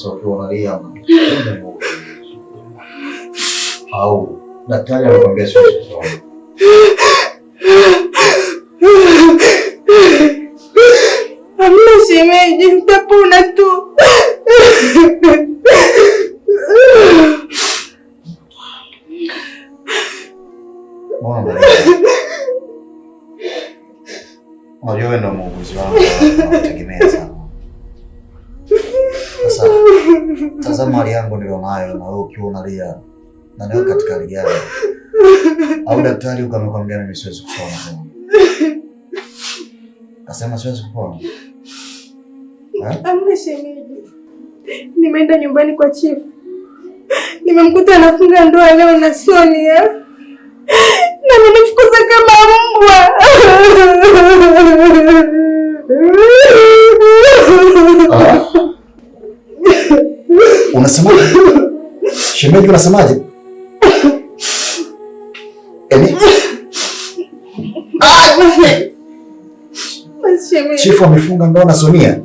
sasa ukiwa unalia au daktari anakuambia siwezi kusoma? shemeji, nitapona tu. Unajua wewe ndio muuguzi wangu. mali yangu nilionayo na wewe ukiwa unalia na leo katika hali gani? Au daktari ukamwambia mimi siwezi kupona. Asema siwezi kupona. Eh? Amna shemeji. Nimeenda nyumbani kwa chifu. Nimemkuta anafunga ndoa leo na Sonia. Na amenifukuza kama mbwa. Unasemaje? Shemeji unasemaje? Ah, Chifu amefunga ndoa na Sonia.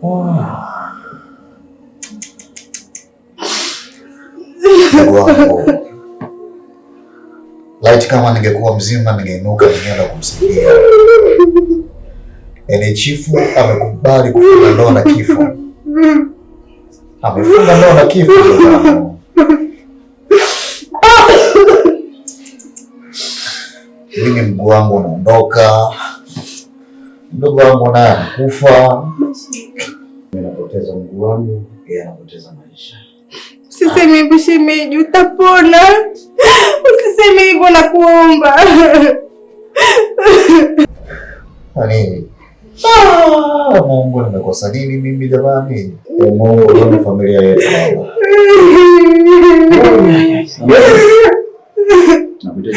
Oh. wangu. Laiti kama ningekuwa mzima ningeinuka ningeenda kumsaidia. Ene yaani chifu amekubali kufunga ndoa na kifo. Amefunga ndoa na kifo. Mimi mguu wangu unaondoka, mdogo wangu naye amekufa ninapoteza mguu wangu, yeye anapoteza Usiseme hivyo shemeji, utapona. Usiseme hivyo na kuomba. Ah. Ah, Mungu nimekosa nini mimi jamani? Mungu ndio familia yetu baba. Nakuja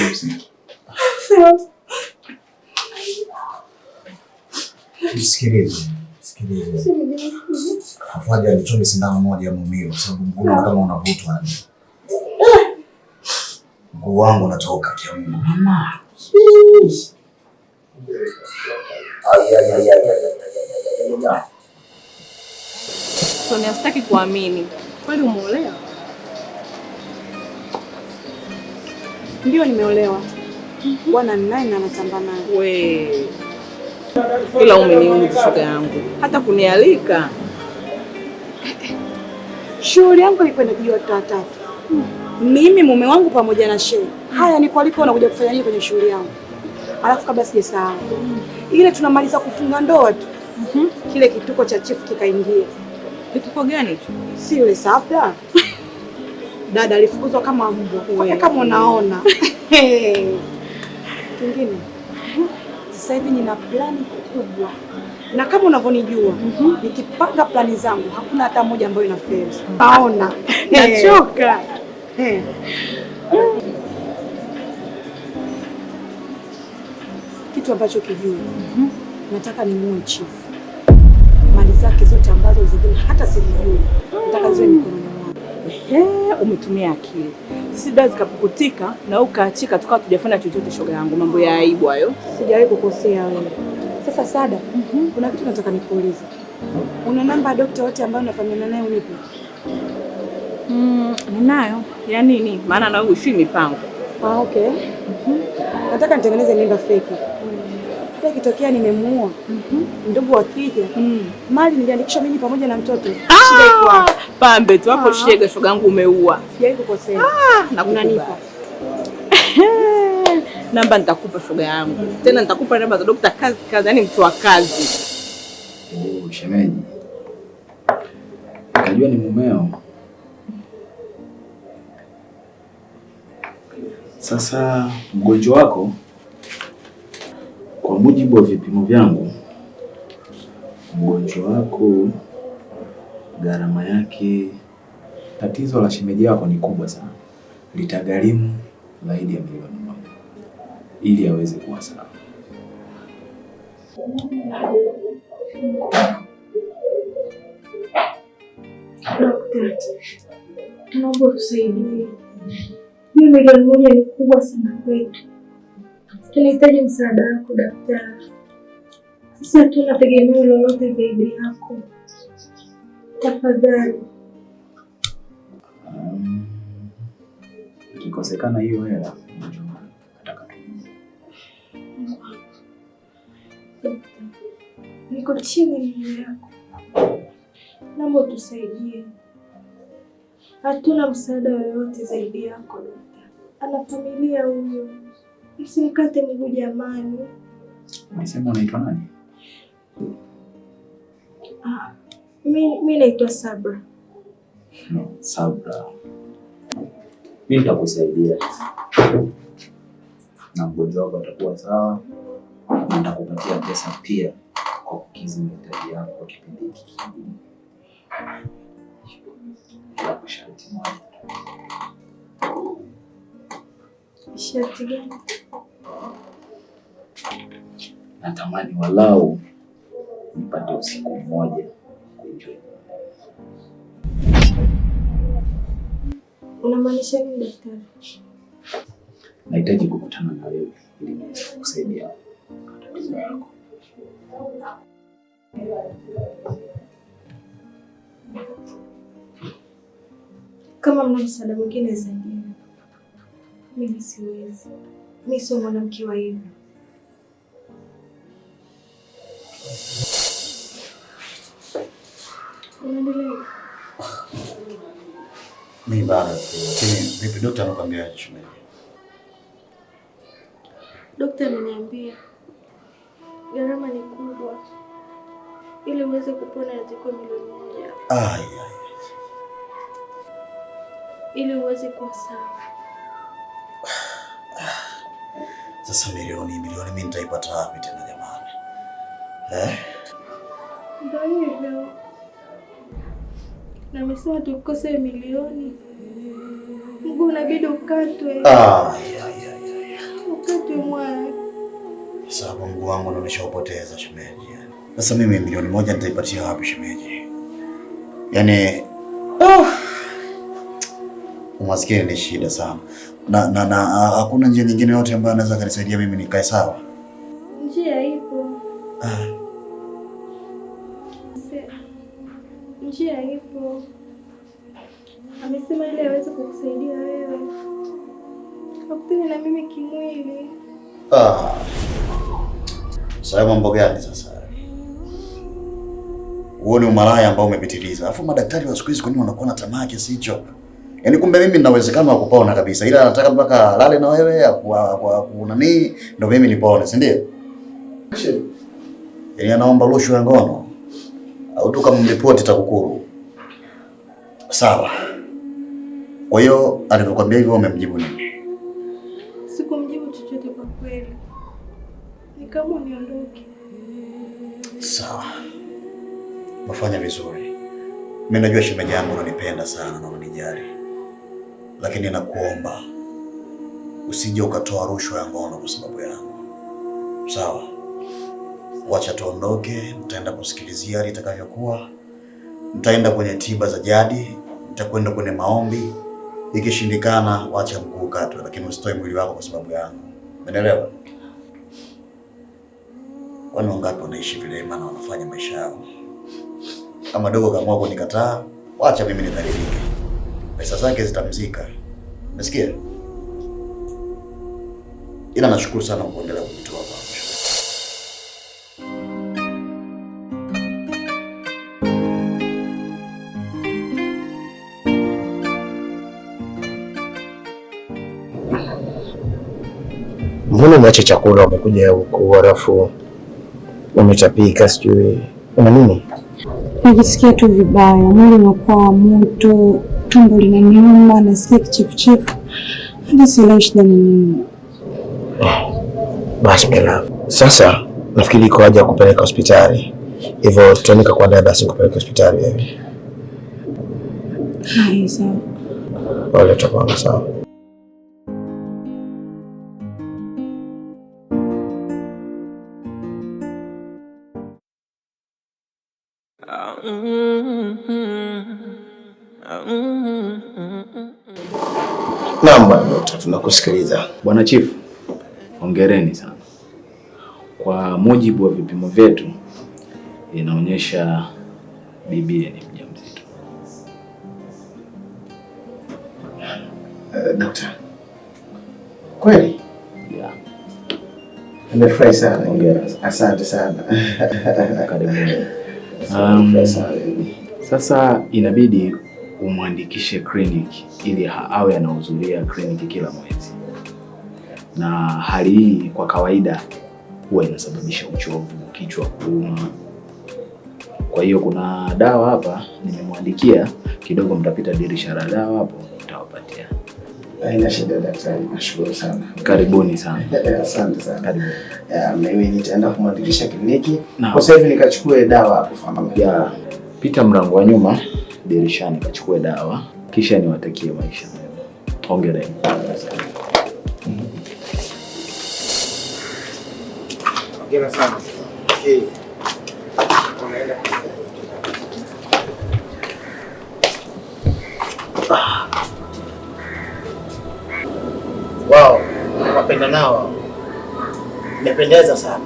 Fuadi alichome sindano moja ya muumio, sababu mkono kama unavutwa yani. Mguu wangu unatoka kia Mungu. Mama. Sonia, sitaki kuamini. Kweli umeolewa? Ndio, nimeolewa. Bwana ninaye na anatamba naye. We. Ila umeniudhi shoga yangu. Hata kunialika Shughuli yangu ni kwenda kujiwatoa watatu. Mimi mume wangu pamoja na shehe. Haya ni kwaliko unakuja kufanya nini kwenye shughuli yangu? Alafu kabla sijasahau. Ile tunamaliza kufunga ndoa tu. Kile kituko cha chifu kikaingia. Kituko gani tu? Si yule safda. Dada alifukuzwa kama mbwa. Kama unaona. Kingine. Sasa hivi nina plani kubwa na kama unavyonijua mm -hmm. nikipanga plani zangu hakuna hata moja ambayo inafeli. Naona nachoka kitu ambacho kijua mm -hmm. nataka nimuue chifu, mali zake zote ambazo zingine hata sijui nataka ziwe mikononi mwangu. Umetumia akili, sida zikapukutika na ukaachika, tukawa tujafanya chochote. Shoga yangu, mambo ya aibu hayo, sijawahi kukosea wewe. Sasa Sada, mhm. kuna kitu nataka nikuulize. Una namba ya dokta wote ambao unafanyana naye unipe? Mm, ninayo. Ya yaani nini? Maana na huyu si mipango. Ah, okay. Mm -hmm. Nataka nitengeneze mimba feki. Hata mm. ikitokea nimemuua ndugu mhm. wa mm. mali niliandikisha mimi pamoja na mtoto. Ah, pambe tu hapo ah. shega shogangu umeua. sijai kukosea. Ah, na kunanipa. namba nitakupa shoga yangu, tena nitakupa namba za dokta kazi kazi, yani mtu wa kazi. Oh, shemeji, nikajua ni mumeo. Sasa mgonjwa wako, kwa mujibu wa vipimo vyangu, mgonjwa wako gharama yake, tatizo la shemeji yako ni kubwa sana, litagharimu zaidi ya milioni ili aweze kuwa sawa. Tunaomba utusaidie. Milioni moja ni kubwa sana kwetu, tunahitaji msaada wako daktari. Sisi hatuna tegemeo lolote zaidi yako, tafadhali. Um, ikikosekana hiyo hela Niko chini mimi yako, naomba utusaidie. Hatuna msaada yoyote zaidi yako dokta. Ana familia huyo, msimkate mguu jamani. Unasema unaitwa nani? Ah, mi naitwa Sabra. Sabra, mi nitakusaidia na mgonjwa wako atakuwa sawa nitakupatia pesa pia kwa kukizi mahitaji yako kwa kipindi hiki. Shati gani? Natamani walau nipate usiku mmoja kuenjoy. Unamaanisha nini daktari? Nahitaji kukutana na wewe ili niweze kukusaidia. Kama mna msaada mwingine zaidi, mimi siwezi. Mi sio mwanamke wa hivyo. Mi bado lakini, vipi dokta anakuambia? Dokta ameniambia gharama ni kubwa, ili uweze kupona yatakuwa milioni moja, ili uweze kuwa sawa. Sasa milioni milioni mimi nitaipata wapi tena jamani eh? Ndio hivyo na amesema tukose milioni, mguu unabidi ukatwe, ukatwe mwana kwa mguu wangu na nimeshaupoteza shemeji. Sasa mimi milioni moja nitaipatia wapi shemeji? Yaani oh, uh, umaskini ni shida sana, na na na hakuna njia nyingine yote ambayo anaweza kanisaidia mimi nikae sawa? Njia ipo. Ah. Njia ipo. Amesema ile hawezi kukusaidia wewe. Akupende na mimi kimwili. Ah. Sasa mambo gani sasa? Huo ni umalaya ambao umepitiliza. Alafu madaktari wa siku hizi kwa nini wanakuwa na tamaa kiasi hicho? Yaani kumbe mimi nina uwezekano wa kupona kabisa. Ila anataka mpaka alale na wewe kwa kwa kuna nini ndio mimi nipone, si ndio? Yaani anaomba rushwa ya ngono. Au tu kama mripoti TAKUKURU. Sawa. Kwa hiyo alivyokuambia hivyo umemjibu nini? kama niondoke. Sawa, mafanya vizuri. Mimi najua shemeji yangu unanipenda sana na unanijali, lakini nakuomba usije ukatoa rushwa ya ngono kwa sababu yangu. Sawa, wacha tuondoke, nitaenda kusikilizia hali itakavyokuwa. Nitaenda kwenye tiba za jadi, nitakwenda kwenye maombi. Ikishindikana wacha mguu katwe, lakini usitoe mwili wako kwa sababu yangu. Umeelewa? Kwani wangapi wanaishi vilema na wanafanya maisha yao? Kama dogo kaamua nikataa, wacha mimi nidhalilike, pesa zake zitamzika. Umesikia? Ila nashukuru sana kwa kuendelea kunitoa hapa. Mbona umeacha chakula umekuja huku halafu umetapika, sijui una nini. Najisikia tu vibaya, mwili unakuwa wa moto, tumbo linaniuma, nasikia kichefuchefu, hadi sielewi shida ni nini. Ah, basi mela, sasa nafikiri iko haja ya kupeleka hospitali, hivyo tutanika kwa dada si kupeleka hospitali. Eh? Sawa, sawa. Naam bwana dokta, tunakusikiliza. Bwana Chief, hongereni sana. Kwa mujibu wa vipimo vyetu inaonyesha bibi ni mjamzito. Uh, dokta. Kweli? Yeah. Nimefurahi sana. Hongera. Asante sana. Karibuni. Um, sasa inabidi umwandikishe kliniki ili awe anahudhuria kliniki kila mwezi, na hali hii kwa kawaida huwa inasababisha uchovu, kichwa kuuma. Kwa hiyo kuna dawa hapa nimemwandikia kidogo, mtapita dirisha la dawa hapo, mtawapatia. Haina shida daktari, nashukuru sana. Karibuni sana. Asante sana. Karibuni. Yeah, mimi nitaenda kumwandikisha kliniki. Kwa sasa hivi nikachukue dawa hapo. Pita mlango wa nyuma dirishani kachukue dawa, kisha niwatakie maisha mema. Hongereni. Hongera Wow, wapenda nao. Nimependeza sana.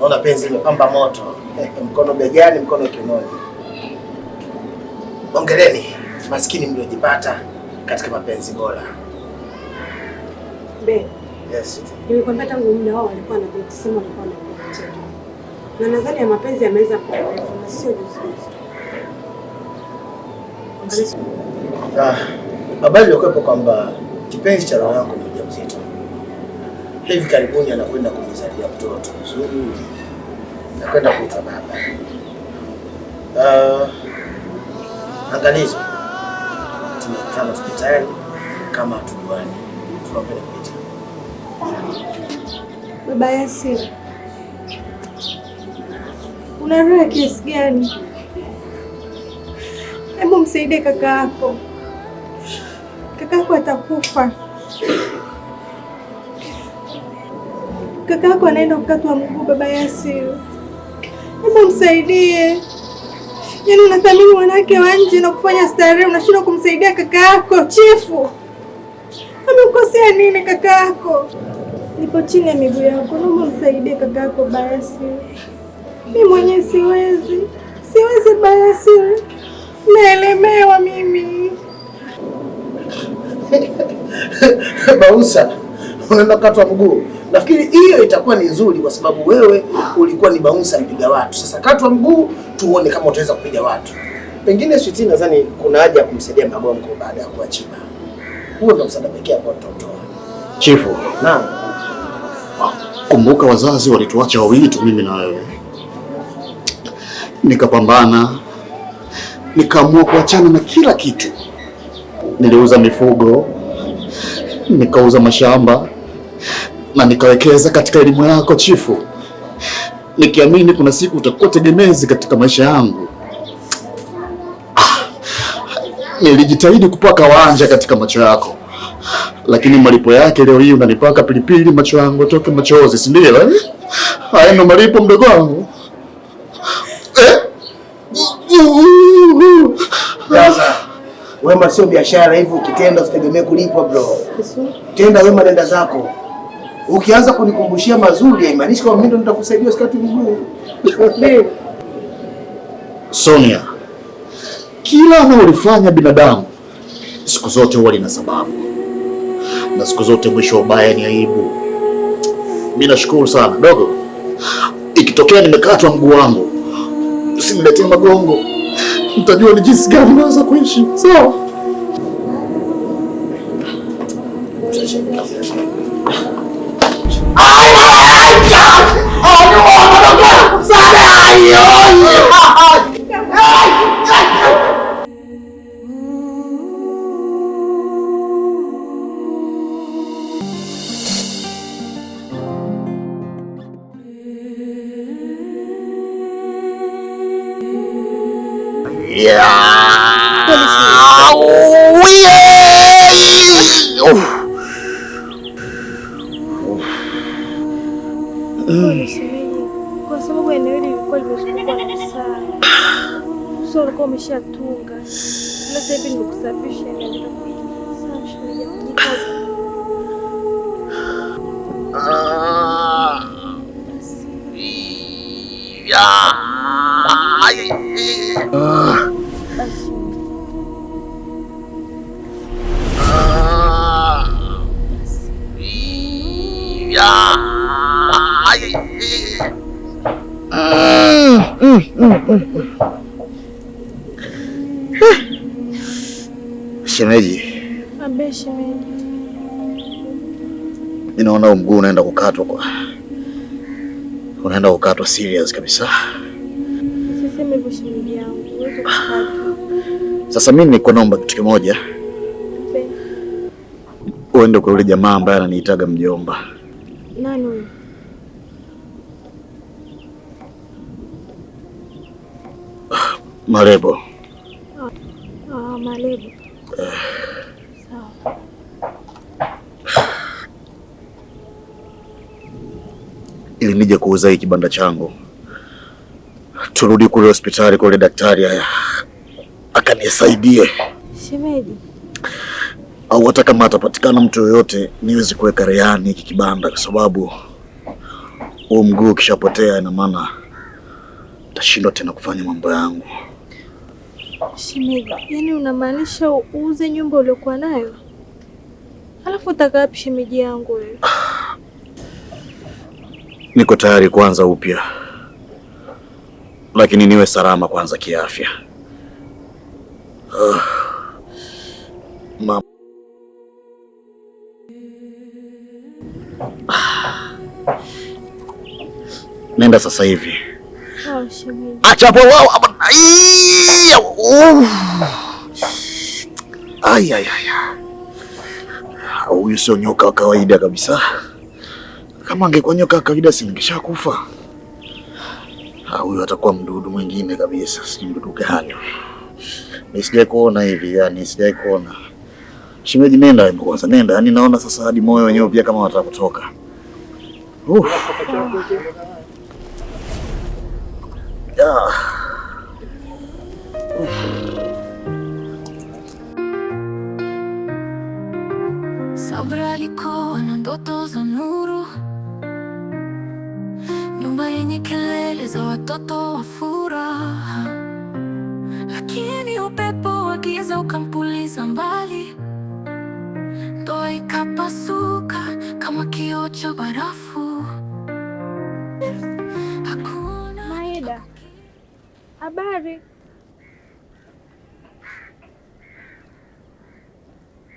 Naona penzi limepamba moto. Mkono begani, mkono kiunoni. Hongereni maskini mliojipata katika mapenzi bora. Yes. Nilikwambia tangu muda wao walikuwa wanakusema walikuwa wanakucheka. Na nadhani ya mapenzi yameweza kuwa refu na sio juzi juzi. Ah, habari ilikuwepo kwamba kipenzi cha roho yangu ni mjamzito. Hivi karibuni anakwenda kumzalia mtoto mzuri. Anakwenda kuita baba. Ah, Angalizo, tumekutana hospitali kama tuduani, tunapenda kupita. Baba Yasir, una roho kiasi gani? Hebu msaidie kaka yako, kaka yako atakufa. Kaka yako anaenda kukatwa mguu. Baba Yasir, hebu msaidie. Yaani unathamini wanawake wa nje na kufanya starehe, unashindwa kumsaidia kaka yako chifu. Amekosea nini kaka yako? Nipo chini ya miguu yako, naomba msaidie kaka yako Bayasiri. Mi mwenyewe siwezi, siwezi Bayasiri, naelemewa mimi. Bausa, unaenda katwa mguu Nafikiri hiyo itakuwa ni nzuri, kwa sababu wewe ulikuwa ni bouncer mpiga watu. Sasa katwa mguu, tuone kama utaweza kupiga watu. Pengine Switi, nadhani kuna haja ya kumsaidia Magongo baada ya kuachiba. Huo ndio msaada pekee ambao tutatoa. Chifu, naam. Ah, kumbuka wazazi walituacha wawili tu, mimi na wewe. Nikapambana, nikaamua kuachana na kila kitu. Niliuza mifugo, nikauza mashamba na nikawekeza katika elimu yako chifu, nikiamini kuna siku utakuwa tegemezi katika maisha yangu. Ah, nilijitahidi kupaka wanja katika macho yako, lakini malipo yake leo hii unanipaka pilipili macho yangu atoke machozi, si ndio? Eh, haya malipo mdogo wangu eh? wema sio biashara, hivyo ukitenda usitegemee kulipwa bro. Tenda wema, nenda zako. Ukianza kunikumbushia mazuri haimaanishi kwamba mimi ndo nitakusaidia usikati mguu. Sonia, kila analolifanya binadamu siku zote huwa lina sababu, na siku zote mwisho ubaya ni aibu. Mimi nashukuru sana dogo, ikitokea nimekatwa mguu wangu usiniletee magongo, mtajua ni jinsi gani naweza kuishi sawa. So, shemeji. Mimi naona huu mguu unaenda kukatwa kwa unaenda kukatwa serious kabisa. Sasa mimi niko naomba kitu kimoja, uende kwa yule jamaa ambaye ananiitaga mjomba. Nani huyo? Marebo. Ah, ah Marebo. Eh. ili nije kuuza hii kibanda changu. Turudi kule hospitali kwa daktari haya akanisaidie, shemeji, au hata kama atapatikana mtu yoyote niwezi kuweka rehani hiki kibanda, kwa sababu huu mguu ukishapotea, ina maana tashindwa tena kufanya mambo yangu. Shemeji, yani unamaanisha uuze nyumba uliokuwa nayo alafu utakaa wapi shemeji yangu wewe? Niko tayari kuanza upya, lakini niwe salama kwanza kiafya. Uh, Nenda sasa hivi. Oh, Acha hapo wao hapa. Ai ai ai. Ah, huyu sio nyoka wa kawaida kabisa. Kama angekuwa nyoka kawaida, singesha kufa. Ah, Huyu atakuwa mdudu mwingine kabisa, si mdudu gani? Mimi kuona hivi, yani sijai kuona. Shimeji, nenda hebu kwanza, nenda. Yani naona sasa hadi moyo wenyewe pia kama wataka kutoka. Uff. Sabra alikuwa na ndoto za nuru nyumba yenye kelele za watoto wa furaha, lakini upepo wa giza ukampuliza mbali. Ndoa ikapasuka kama kioo cha barafu. Hakuna Maeda, habari?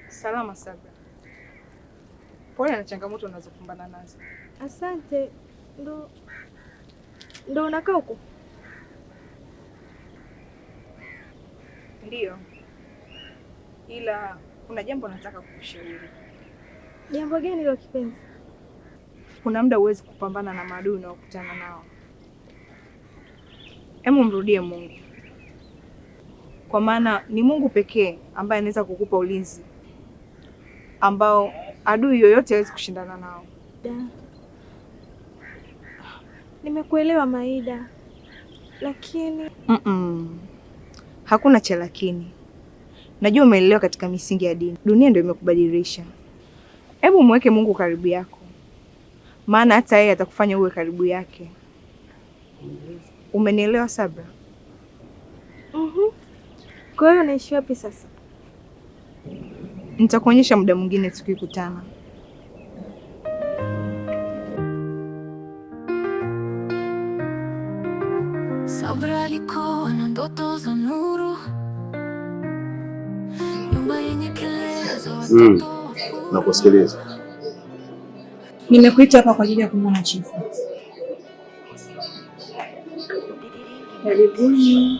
Salama Sabra, pole na changamoto unazokumbana nazo. Asante ndo ndo unakaa huko? ndio ila kuna jambo nataka kukushauri. Jambo gani lo kipenzi? Kuna muda huwezi kupambana na maadui unaokutana nao. Hebu mrudie Mungu, kwa maana ni Mungu pekee ambaye anaweza kukupa ulinzi ambao adui yoyote hawezi kushindana nao. Yeah. Nimekuelewa Maida, lakini mm -mm. Hakuna cha lakini. Najua umeelewa katika misingi ya dini, dunia ndio imekubadilisha. Hebu mweke Mungu karibu yako, maana hata yeye atakufanya uwe karibu yake. Umenielewa Sabra? mm -hmm. Kwa hiyo naishi wapi sasa? Nitakuonyesha muda mwingine tukikutana. na ndoto za nuru, nyumba yenye kelele za mm, watoto. Nakusikiliza. Nimekuita hapa kwa ajili ya kumwona chifu. Karibuni.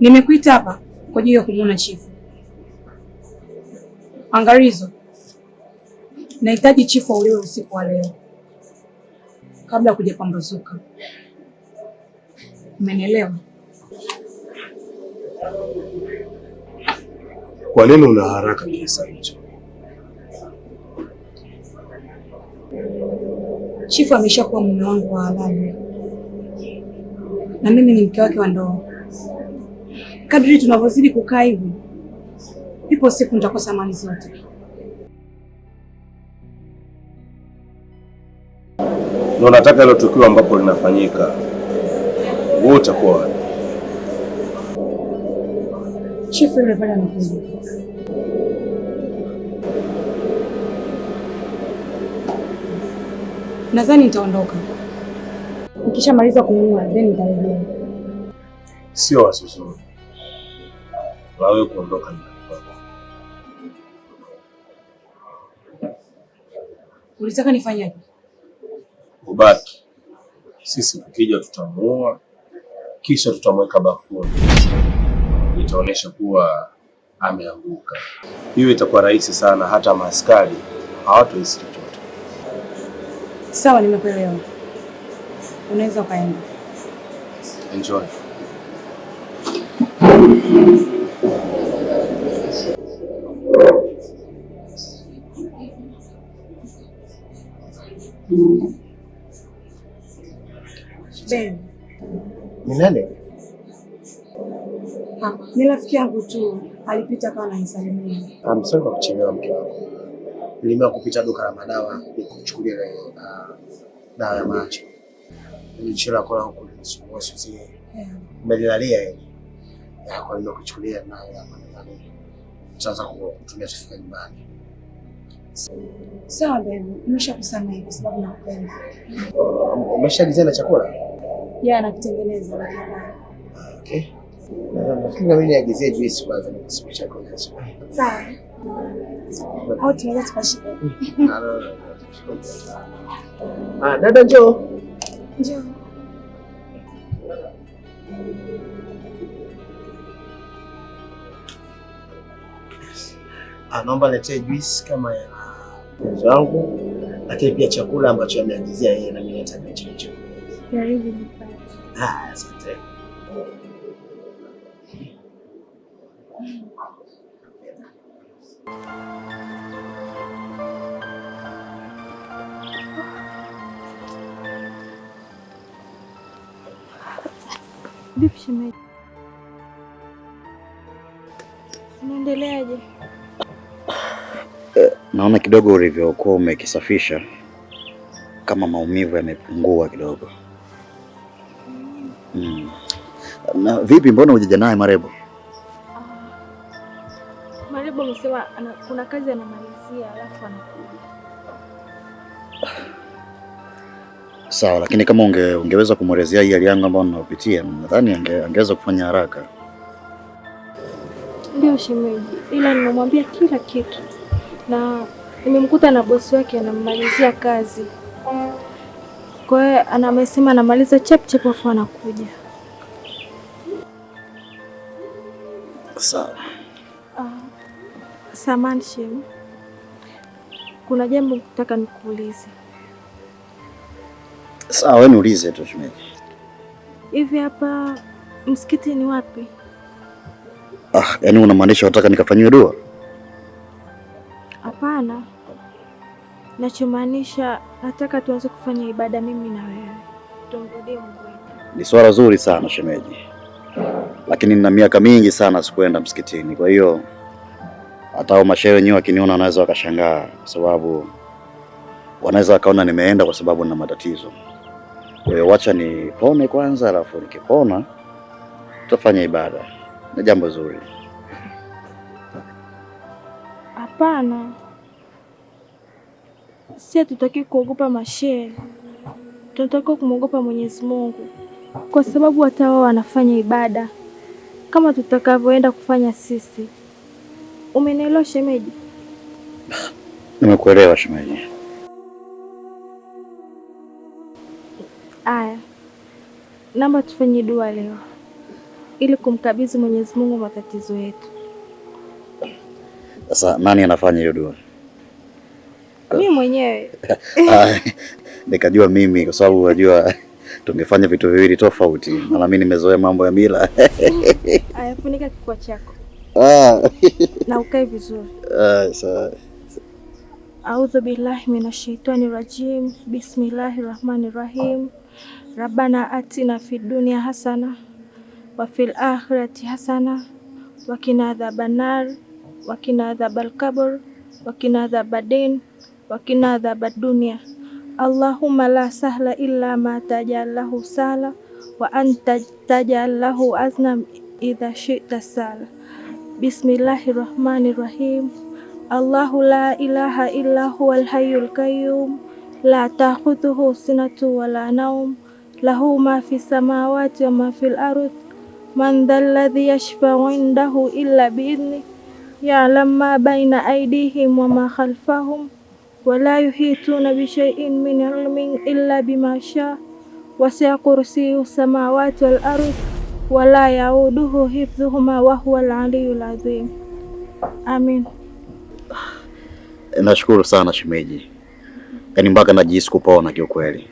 Nimekuita hapa kwa ajili ya kumwona chifu. Angalizo. Nahitaji chifu auliwe usiku wa leo kabla ya kujapambazuka. Umenielewa? Kwa nini una haraka kiasi hicho? Chifu ameshakuwa mume wangu wa halali na mimi ni mke wake wa ndoa. Kadri tunavyozidi kukaa hivi, ipo siku nitakosa mali zote. na unataka ile tukio ambapo linafanyika, wewe utakuwa wapi? Chifu amefanya pale Nadhani nitaondoka. nikishamaliza kumuua then nitarejea. Sio wazo zuri. kuondoka Ulitaka nifanyaje? kubaki. Sisi tukija tutamuua, kisha tutamweka bafuni, itaonyesha kuwa ameanguka. Hiyo itakuwa rahisi sana, hata maaskari hawatahisi chochote. Sawa, nimekuelewa. Unaweza ukaenda. Enjoy. Ben. Ni nani? Ah, ni rafiki yangu tu alipita kana nisalimia. Ah, Msongo wa kuchelewa mke wako. Nilimea kupita duka la madawa nikuchukulia eh, ah, dawa ya macho. Nilichelewa kwa huko nilisumbua sisi. Umenilalia yeye. Ya kwa hiyo kuchukulia na hapa ndani. Sasa kutumia sifika nyumbani. Sawa, so, baby. Nimeshakusamehe kwa sababu nakupenda. gizena chakula? Yeah, nakitengeneza. Okay. dada njoo. Njoo. Anaomba ah, letee juice kama ya wangu lakini pia chakula ambacho ameagizia yeye na mimi nataka Karibu. Haya, asante. Vipi shemeji, unaendeleaje? Eh, naona kidogo ulivyokuwa umekisafisha kama maumivu yamepungua kidogo. na vipi, mbona hujaja naye Marebo? Ah, Marebo amesema kuna kazi anamalizia alafu anakuja. Sawa, lakini kama unge, ungeweza kumwelezea hii hali yangu ambayo ninayopitia, nadhani angeweza kufanya haraka. Ndio shemeji, ila nimemwambia kila kitu na nimemkuta na bosi wake anamalizia kazi, kwa hiyo anamesema anamaliza chap chap afu anakuja. Sawa. Uh, samahani shemu, kuna jambo nataka nikuulize. Sawa, wewe niulize tu shemeji. Hivi hapa msikiti ni wapi? Ah, yaani unamaanisha unataka nikafanyiwe dua? Hapana, nachomaanisha nataka tuanze kufanya ibada mimi na wewe, tumrudie Mungu Ni swala zuri sana shemeji lakini nina miaka mingi sana sikuenda msikitini. Kwa hiyo hata mashehe wenyewe wakiniona wanaweza wakashangaa, kwa sababu wanaweza wakaona nimeenda kwa sababu nina matatizo. Kwa hiyo wacha nipone kwanza, alafu nikipona tutafanya ibada. Ni jambo zuri. Hapana, si hatutaki kuogopa mashehe, tunatakiwa kumwogopa Mwenyezi Mungu kwa sababu hata wao wanafanya ibada kama tutakavyoenda kufanya sisi. Umenielewa shemeji? Nimekuelewa shemeji. Aya, naomba tufanye dua leo ili kumkabidhi Mwenyezi Mungu matatizo yetu. Sasa nani anafanya hiyo dua? Mimi mwenyewe. Ah, nikajua mimi kwa sababu unajua tungefanya vitu viwili tofauti, maana mimi nimezoea mambo ya mila. Aya, funika kifua chako ah. na ukae vizuri. Ah, sawa. Audhu billahi minashaitani rajim. Bismillahi rahmani rahim. Rabbana atina fid dunya hasana wa fil akhirati hasana wa qina adhaban nar wa qina adhabal qabr wa qina adhabad din wa qina adhabad dunya اللهم لا سهل إلا ما تجعل له سهلا وأن له أزنا إذا شئت سهلا بسم الله الرحمن الرحيم الله لا إله إلا هو الحي القيوم لا تأخذه سنة ولا نوم له ما في السماوات وما في الأرض من ذا الذي يشفى عنده إلا بإذنه يعلم ما بين أيديهم وما خلفهم wala yuhituna bishaiin min ilmin illa bima shaa wasia kursiyu samawati wal ardhi wala yauduhu hifdhuhuma wahuwa al-aliyyul Amin. Nashukuru sana shemeji, yaani mpaka najihisi kupona kiukweli.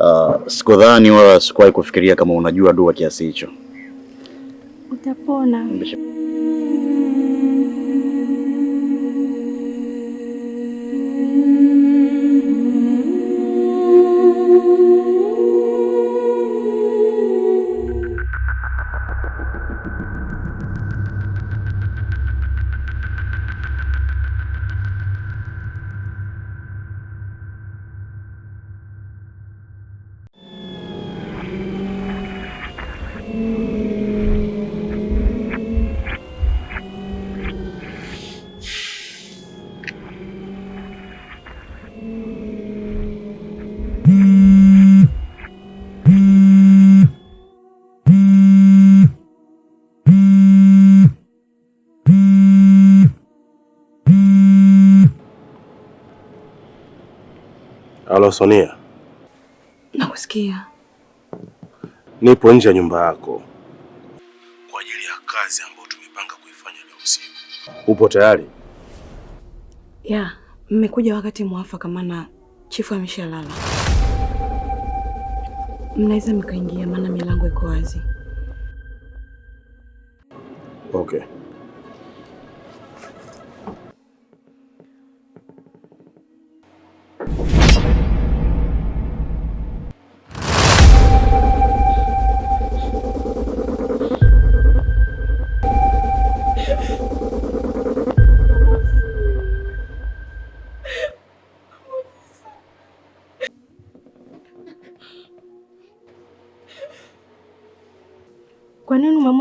Uh, sikudhani wala sikuwahi kufikiria kama unajua dua kiasi hicho. Utapona. Mbishu. Halo Sonia, nakusikia. Nipo nje ya nyumba yako kwa ajili ya kazi ambayo tumepanga kuifanya leo usiku. Upo tayari? Ya, mmekuja wakati mwafaka, maana chifu ameshalala. Mnaweza mkaingia, maana milango iko wazi. Okay.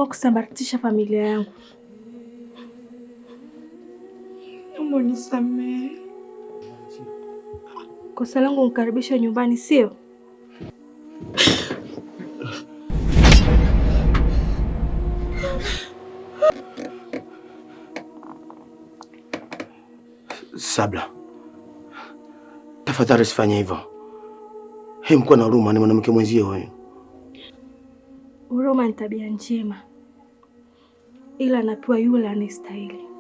kusambaratisha familia yangu. Naomba unisamehe kosa langu, unikaribisha nyumbani, sio? Sabla, tafadhali sifanye hivyo. He, na huruma, ni mwanamke mwenzie huyu. Huruma ni tabia njema ila anapewa yule anastahili.